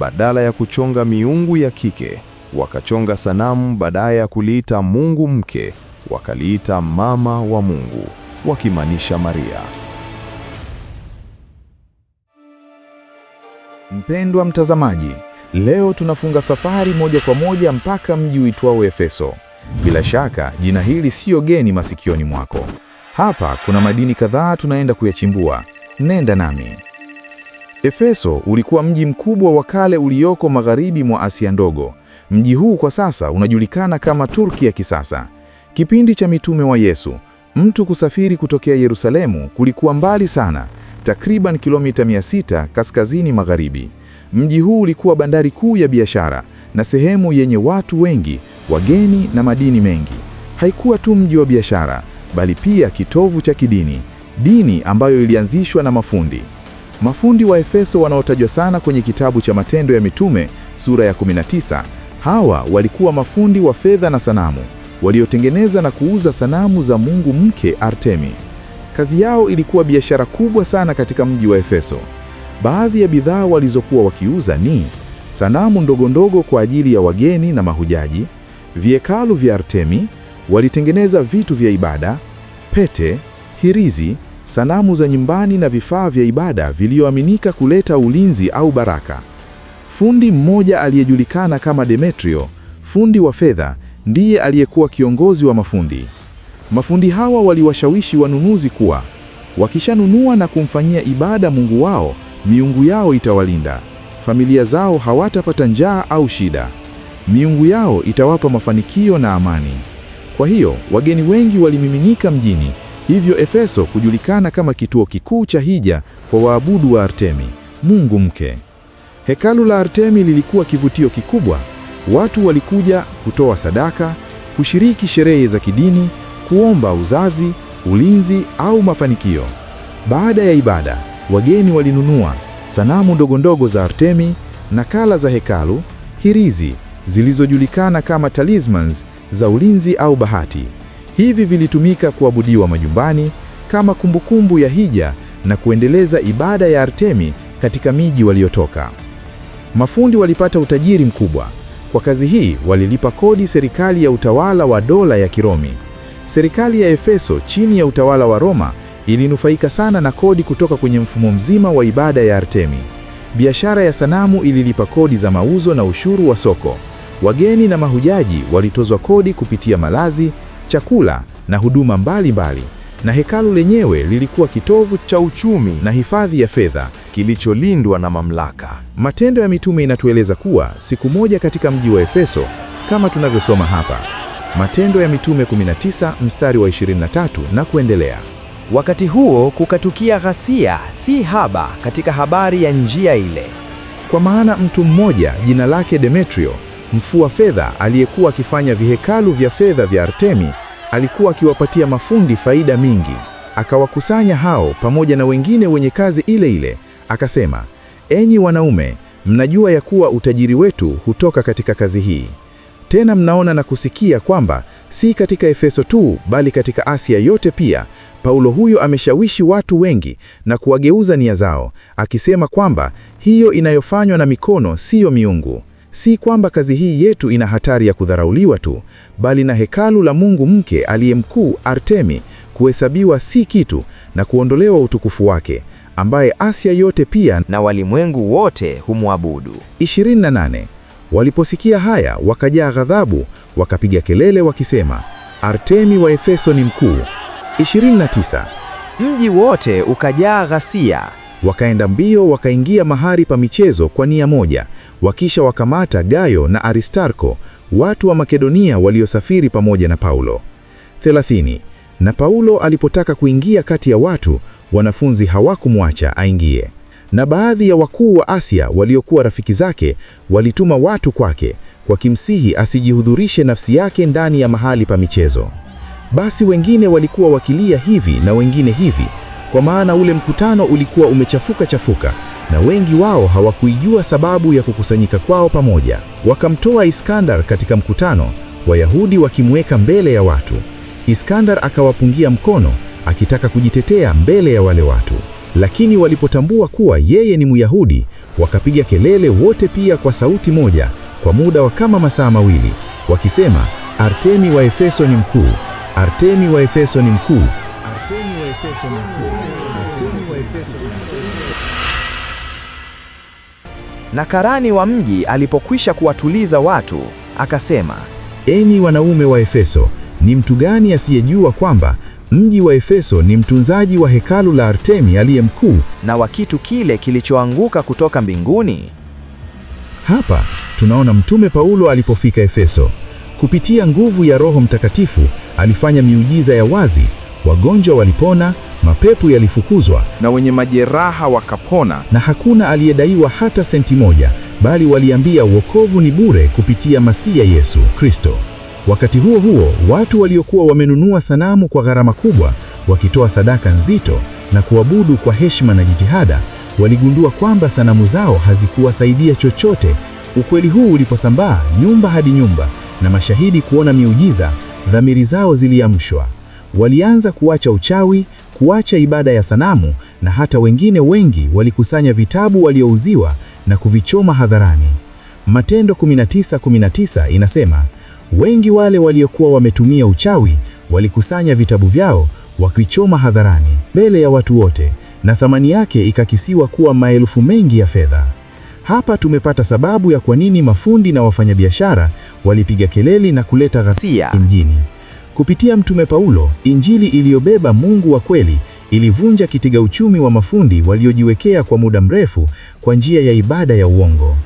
Badala ya kuchonga miungu ya kike, wakachonga sanamu, badala ya kuliita Mungu mke, wakaliita mama wa Mungu, wakimaanisha Maria. Mpendwa mtazamaji, leo tunafunga safari moja kwa moja mpaka mji uitwao Efeso. Bila shaka jina hili siyo geni masikioni mwako. Hapa kuna madini kadhaa tunaenda kuyachimbua. Nenda nami. Efeso ulikuwa mji mkubwa wa kale ulioko magharibi mwa Asia ndogo. Mji huu kwa sasa unajulikana kama Turki ya kisasa. Kipindi cha mitume wa Yesu, mtu kusafiri kutokea Yerusalemu kulikuwa mbali sana, takriban kilomita 600 kaskazini magharibi. Mji huu ulikuwa bandari kuu ya biashara na sehemu yenye watu wengi, wageni na madini mengi. Haikuwa tu mji wa biashara, bali pia kitovu cha kidini, dini ambayo ilianzishwa na mafundi Mafundi wa Efeso wanaotajwa sana kwenye kitabu cha Matendo ya Mitume sura ya 19, hawa walikuwa mafundi wa fedha na sanamu waliotengeneza na kuuza sanamu za mungu mke Artemi. Kazi yao ilikuwa biashara kubwa sana katika mji wa Efeso. Baadhi ya bidhaa walizokuwa wakiuza ni sanamu ndogo ndogo kwa ajili ya wageni na mahujaji, viekalu vya Artemi, walitengeneza vitu vya ibada, pete, hirizi sanamu za nyumbani na vifaa vya ibada viliyoaminika kuleta ulinzi au baraka. Fundi mmoja aliyejulikana kama Demetrio, fundi wa fedha, ndiye aliyekuwa kiongozi wa mafundi. Mafundi hawa waliwashawishi wanunuzi kuwa wakishanunua na kumfanyia ibada Mungu wao, miungu yao itawalinda, familia zao hawatapata njaa au shida, miungu yao itawapa mafanikio na amani. Kwa hiyo wageni wengi walimiminika mjini Hivyo Efeso kujulikana kama kituo kikuu cha hija kwa waabudu wa Artemi, mungu mke. Hekalu la Artemi lilikuwa kivutio kikubwa. Watu walikuja kutoa sadaka, kushiriki sherehe za kidini, kuomba uzazi, ulinzi au mafanikio. Baada ya ibada, wageni walinunua sanamu ndogondogo za Artemi, nakala za hekalu, hirizi zilizojulikana kama talismans za ulinzi au bahati. Hivi vilitumika kuabudiwa majumbani kama kumbukumbu ya hija na kuendeleza ibada ya Artemi katika miji waliotoka. Mafundi walipata utajiri mkubwa. Kwa kazi hii walilipa kodi serikali ya utawala wa dola ya Kiromi. Serikali ya Efeso chini ya utawala wa Roma ilinufaika sana na kodi kutoka kwenye mfumo mzima wa ibada ya Artemi. Biashara ya sanamu ililipa kodi za mauzo na ushuru wa soko. Wageni na mahujaji walitozwa kodi kupitia malazi, chakula na huduma mbalimbali mbali. Na hekalu lenyewe lilikuwa kitovu cha uchumi na hifadhi ya fedha kilicholindwa na mamlaka. Matendo ya Mitume inatueleza kuwa siku moja katika mji wa Efeso, kama tunavyosoma hapa Matendo ya Mitume 19 mstari wa 23 na kuendelea. Wakati huo kukatukia ghasia si haba katika habari ya njia ile, kwa maana mtu mmoja jina lake Demetrio Mfua fedha aliyekuwa akifanya vihekalu vya fedha vya Artemi alikuwa akiwapatia mafundi faida mingi. Akawakusanya hao pamoja na wengine wenye kazi ile ile, akasema, enyi wanaume, mnajua ya kuwa utajiri wetu hutoka katika kazi hii. Tena mnaona na kusikia kwamba si katika Efeso tu bali katika Asia yote pia Paulo huyo ameshawishi watu wengi na kuwageuza nia zao, akisema kwamba hiyo inayofanywa na mikono siyo miungu si kwamba kazi hii yetu ina hatari ya kudharauliwa tu, bali na hekalu la mungu mke aliye mkuu Artemi kuhesabiwa si kitu na kuondolewa utukufu wake, ambaye Asia yote pia na walimwengu wote humwabudu. 28 Waliposikia haya wakajaa ghadhabu, wakapiga kelele wakisema, Artemi wa Efeso ni mkuu. 29 Mji wote ukajaa ghasia. Wakaenda mbio, wakaingia mahali pa michezo kwa nia moja, wakisha wakamata Gayo na Aristarko, watu wa Makedonia waliosafiri pamoja na Paulo. 30. Na Paulo alipotaka kuingia kati ya watu, wanafunzi hawakumwacha aingie. Na baadhi ya wakuu wa Asia waliokuwa rafiki zake walituma watu kwake, kwa kimsihi asijihudhurishe nafsi yake ndani ya mahali pa michezo. Basi wengine walikuwa wakilia hivi na wengine hivi kwa maana ule mkutano ulikuwa umechafuka chafuka na wengi wao hawakuijua sababu ya kukusanyika kwao pamoja. Wakamtoa Iskandar katika mkutano, Wayahudi wakimweka mbele ya watu. Iskandar akawapungia mkono akitaka kujitetea mbele ya wale watu, lakini walipotambua kuwa yeye ni Myahudi, wakapiga kelele wote pia kwa sauti moja kwa muda wa kama masaa mawili, wakisema Artemi wa Efeso ni mkuu, Artemi wa Efeso ni mkuu, Artemi wa Efeso ni mkuu. Na karani wa mji alipokwisha kuwatuliza watu, akasema, Enyi wanaume wa Efeso, ni mtu gani asiyejua kwamba mji wa Efeso ni mtunzaji wa hekalu la Artemi aliye mkuu na wa kitu kile kilichoanguka kutoka mbinguni? Hapa tunaona Mtume Paulo alipofika Efeso, kupitia nguvu ya Roho Mtakatifu alifanya miujiza ya wazi, wagonjwa walipona, mapepo yalifukuzwa na wenye majeraha wakapona, na hakuna aliyedaiwa hata senti moja, bali waliambia wokovu ni bure kupitia Masiya Yesu Kristo. Wakati huo huo, watu waliokuwa wamenunua sanamu kwa gharama kubwa, wakitoa sadaka nzito na kuabudu kwa heshima na jitihada, waligundua kwamba sanamu zao hazikuwasaidia chochote. Ukweli huu uliposambaa nyumba hadi nyumba na mashahidi kuona miujiza, dhamiri zao ziliamshwa. Walianza kuacha uchawi, kuacha ibada ya sanamu na hata wengine wengi walikusanya vitabu waliouziwa na kuvichoma hadharani. Matendo 19:19 inasema, wengi wale waliokuwa wametumia uchawi walikusanya vitabu vyao wakichoma hadharani mbele ya watu wote, na thamani yake ikakisiwa kuwa maelfu mengi ya fedha. Hapa tumepata sababu ya kwa nini mafundi na wafanyabiashara walipiga kelele na kuleta ghasia mjini. Kupitia Mtume Paulo, Injili iliyobeba Mungu wa kweli ilivunja kitega uchumi wa mafundi waliojiwekea kwa muda mrefu kwa njia ya ibada ya uongo.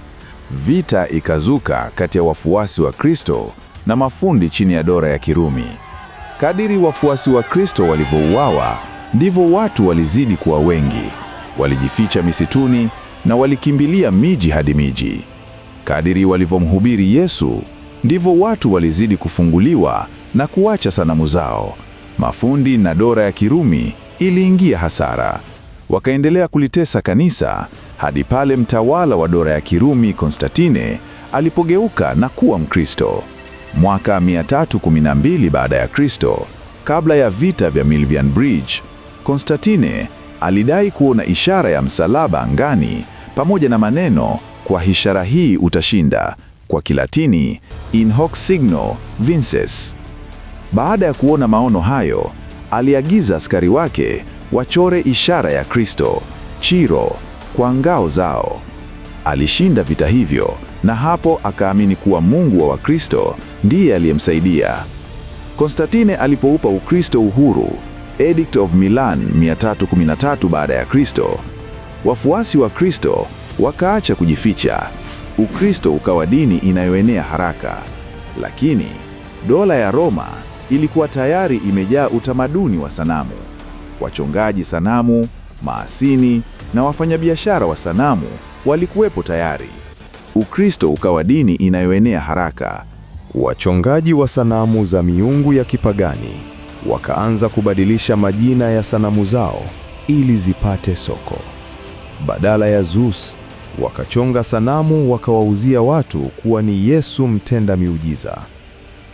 Vita ikazuka kati ya wafuasi wa Kristo na mafundi chini ya dola ya Kirumi. Kadiri wafuasi wa Kristo walivyouawa, ndivyo watu walizidi kuwa wengi. Walijificha misituni na walikimbilia miji hadi miji. Kadiri walivyomhubiri Yesu, ndivyo watu walizidi kufunguliwa na kuacha sanamu zao. Mafundi na dora ya Kirumi iliingia hasara. Wakaendelea kulitesa kanisa hadi pale mtawala wa dora ya Kirumi Konstantine alipogeuka na kuwa Mkristo. Mwaka 312 baada ya Kristo, kabla ya vita vya Milvian Bridge, Konstantine alidai kuona ishara ya msalaba angani pamoja na maneno, kwa ishara hii utashinda, kwa Kilatini in hoc signo vinces. Baada ya kuona maono hayo, aliagiza askari wake wachore ishara ya Kristo, chiro, kwa ngao zao. Alishinda vita hivyo na hapo akaamini kuwa Mungu wa Wakristo ndiye aliyemsaidia. Konstantine alipoupa Ukristo uhuru, Edict of Milan 313 baada ya Kristo, wafuasi wa Kristo wakaacha kujificha. Ukristo ukawa dini inayoenea haraka. Lakini dola ya Roma ilikuwa tayari imejaa utamaduni wa sanamu. Wachongaji sanamu, maasini na wafanyabiashara wa sanamu walikuwepo tayari. Ukristo ukawa dini inayoenea haraka. Wachongaji wa sanamu za miungu ya kipagani wakaanza kubadilisha majina ya sanamu zao ili zipate soko. Badala ya Zeus, wakachonga sanamu wakawauzia watu kuwa ni Yesu mtenda miujiza.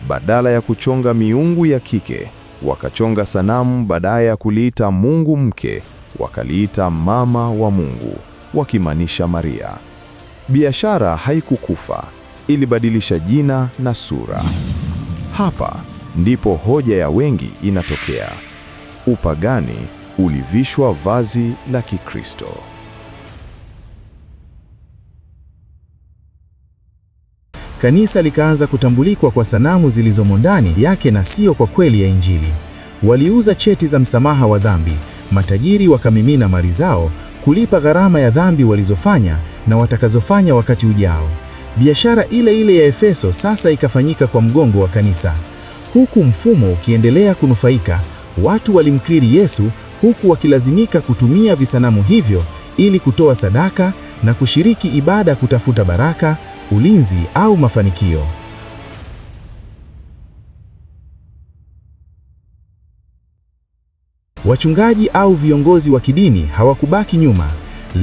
Badala ya kuchonga miungu ya kike, wakachonga sanamu. Badala ya kuliita Mungu mke, wakaliita mama wa Mungu, wakimaanisha Maria. Biashara haikukufa, ilibadilisha jina na sura. Hapa ndipo hoja ya wengi inatokea: upagani ulivishwa vazi la Kikristo. kanisa likaanza kutambulikwa kwa sanamu zilizomo ndani yake na sio kwa kweli ya Injili. Waliuza cheti za msamaha wa dhambi, matajiri wakamimina mali zao kulipa gharama ya dhambi walizofanya na watakazofanya wakati ujao. Biashara ile ile ya Efeso sasa ikafanyika kwa mgongo wa kanisa. Huku mfumo ukiendelea kunufaika, watu walimkiri Yesu huku wakilazimika kutumia visanamu hivyo ili kutoa sadaka na kushiriki ibada kutafuta baraka, ulinzi au mafanikio. Wachungaji au viongozi wa kidini hawakubaki nyuma.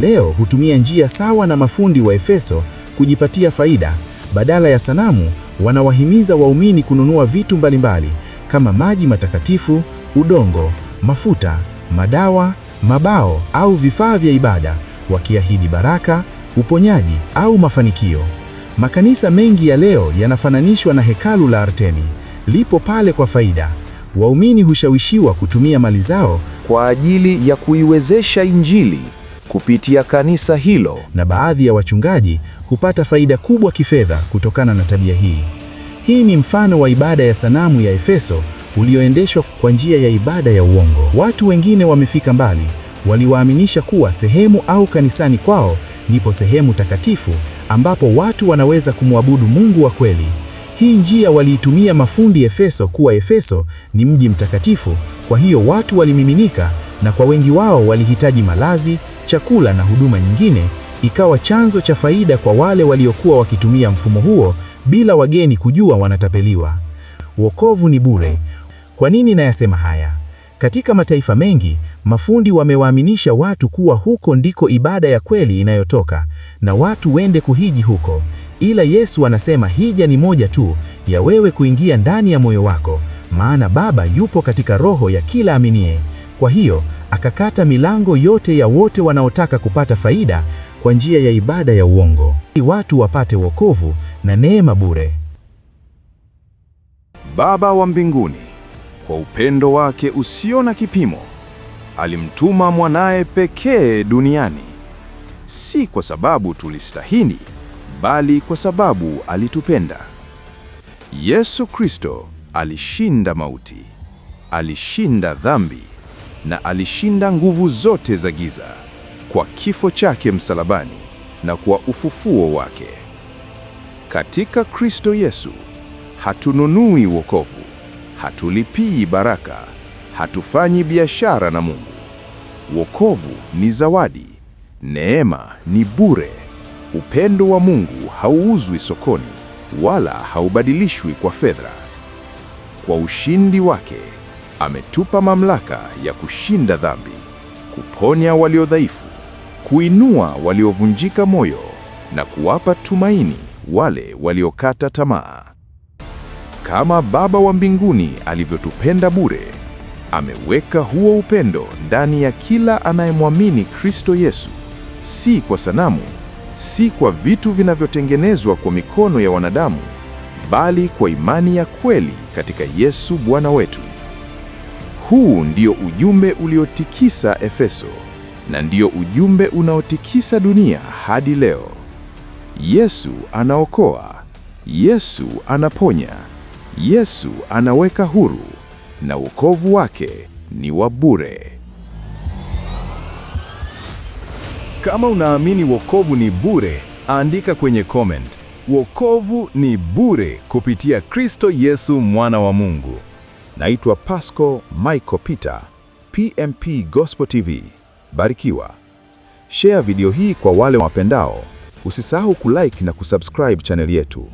Leo hutumia njia sawa na mafundi wa Efeso kujipatia faida. Badala ya sanamu, wanawahimiza waumini kununua vitu mbalimbali kama maji matakatifu, udongo, mafuta, madawa mabao au vifaa vya ibada, wakiahidi baraka, uponyaji au mafanikio. Makanisa mengi ya leo yanafananishwa na hekalu la Artemi, lipo pale kwa faida. Waumini hushawishiwa kutumia mali zao kwa ajili ya kuiwezesha Injili kupitia kanisa hilo, na baadhi ya wachungaji hupata faida kubwa kifedha kutokana na tabia hii. Hii ni mfano wa ibada ya sanamu ya Efeso ulioendeshwa kwa njia ya ibada ya uongo. Watu wengine wamefika mbali, waliwaaminisha kuwa sehemu au kanisani kwao nipo sehemu takatifu ambapo watu wanaweza kumwabudu Mungu wa kweli. Hii njia waliitumia mafundi Efeso kuwa Efeso ni mji mtakatifu, kwa hiyo watu walimiminika na kwa wengi wao walihitaji malazi, chakula na huduma nyingine ikawa chanzo cha faida kwa wale waliokuwa wakitumia mfumo huo bila wageni kujua wanatapeliwa. Wokovu ni bure. Kwa nini nayasema haya? Katika mataifa mengi, mafundi wamewaaminisha watu kuwa huko ndiko ibada ya kweli inayotoka na watu wende kuhiji huko. Ila Yesu anasema hija ni moja tu, ya wewe kuingia ndani ya moyo wako, maana Baba yupo katika roho ya kila aminiye. Kwa hiyo akakata milango yote ya wote wanaotaka kupata faida kwa njia ya ibada ya uongo, ili watu wapate wokovu na neema bure. Baba wa mbinguni, kwa upendo wake usio na kipimo, alimtuma mwanaye pekee duniani, si kwa sababu tulistahili, bali kwa sababu alitupenda. Yesu Kristo alishinda mauti, alishinda dhambi na alishinda nguvu zote za giza kwa kifo chake msalabani na kwa ufufuo wake. Katika Kristo Yesu hatununui wokovu, hatulipii baraka, hatufanyi biashara na Mungu. Wokovu ni zawadi, neema ni bure. Upendo wa Mungu hauuzwi sokoni wala haubadilishwi kwa fedha. Kwa ushindi wake ametupa mamlaka ya kushinda dhambi, kuponya walio dhaifu, kuinua waliovunjika moyo na kuwapa tumaini wale waliokata tamaa. Kama Baba wa mbinguni alivyotupenda bure, ameweka huo upendo ndani ya kila anayemwamini Kristo Yesu, si kwa sanamu, si kwa vitu vinavyotengenezwa kwa mikono ya wanadamu, bali kwa imani ya kweli katika Yesu Bwana wetu. Huu ndio ujumbe uliotikisa Efeso na ndio ujumbe unaotikisa dunia hadi leo. Yesu anaokoa, Yesu anaponya, Yesu anaweka huru na wokovu wake ni wa bure. Kama unaamini wokovu ni bure, andika kwenye comment. Wokovu ni bure kupitia Kristo Yesu mwana wa Mungu. Naitwa Pasco Michael Peter, PMP Gospel TV. Barikiwa. Share video hii kwa wale wapendao. Usisahau kulike na kusubscribe chaneli yetu.